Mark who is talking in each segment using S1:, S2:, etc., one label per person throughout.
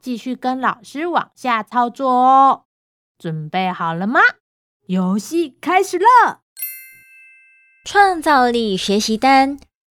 S1: 繼續跟老師往下操作哦，準備好了嗎？遊戲開始了！創造力
S2: 學習單，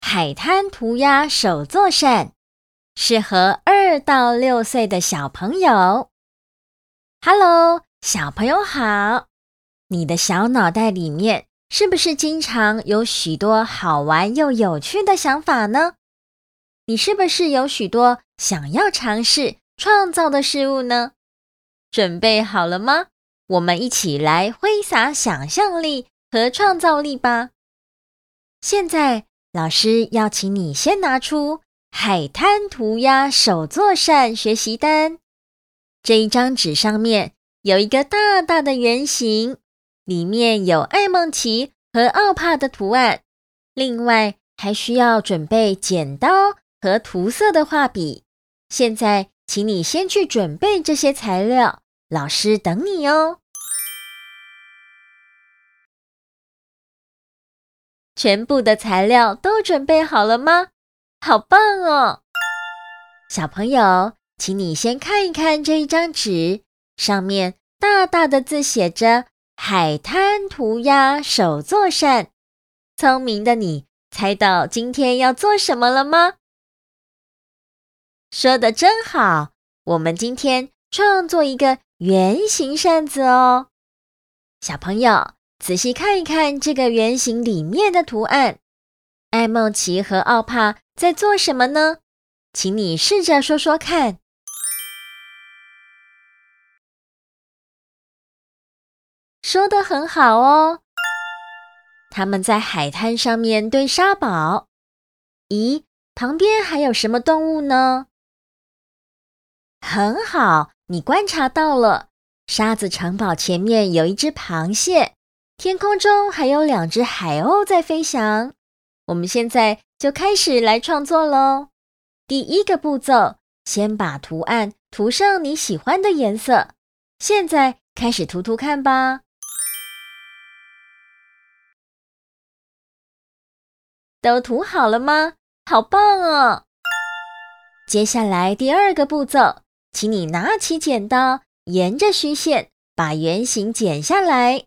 S2: 海灘塗鴉手作扇，適合二到六歲的小朋友。Hello，小朋友好！你的小腦袋裡面是不是經常有許多好玩又有趣的想法呢？你是不是有許多想要嘗試？創造的事物呢？準備好了嗎？我們一起來揮灑想象力和創造力吧！現在，老師要請你先拿出海灘塗鴉手作扇學習單。這一張紙上面有一個大大的圓形，裡面有愛孟奇和奧帕的圖案。另外，還需要準備剪刀和塗色的畫筆。現在。請你先去準備這些材料，老師等你哦。全部的材料都準備好了嗎？好棒哦！小朋友，請你先看一看這一張紙，上面大大的字寫着“海灘塗鴉手作扇”。聰明的你，猜到今天要做什麼了嗎？說得真好！我們今天創作一個圓形扇子哦。小朋友，仔細看一看這個圓形裡面的圖案，愛孟奇和奧帕在做什麼呢？請你試着說說看。說得很好哦！他們在海灘上面堆沙堡。咦，旁邊還有什麼動物呢？很好，你觀察到了，沙子城堡前面有一隻螃蟹，天空中還有兩隻海鷗在飛翔。我們現在就開始來創作嘍。第一個步驟，先把圖案塗上你喜歡的顏色。現在開始塗塗看吧。都塗好了嗎？好棒哦！接下來第二個步驟。請你拿起剪刀，沿着虛線把圓形剪下來。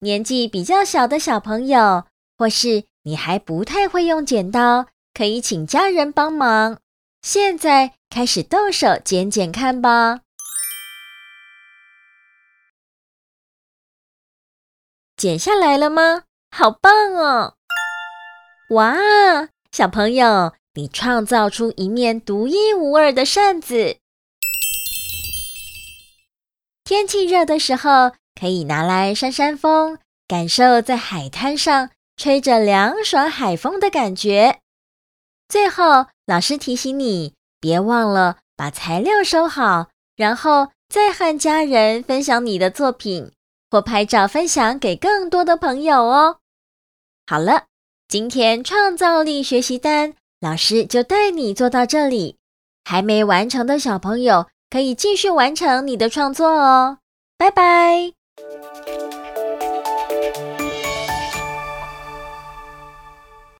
S2: 年紀比較小的小朋友，或是你還不太會用剪刀，可以請家人幫忙。現在開始動手剪剪看吧。剪下來了嗎？好棒哦！哇，小朋友，你創造出一面獨一無二的扇子。天氣熱的時候，可以拿來扇扇風，感受在海灘上吹着涼爽海風的感覺。最後，老師提醒你，別忘了把材料收好，然後再和家人分享你的作品，或拍照分享給更多的朋友哦。好了，今天創造力學習單，老師就帶你做到這裡。還沒完成的小朋友，可以繼續完成你的創作哦，拜拜。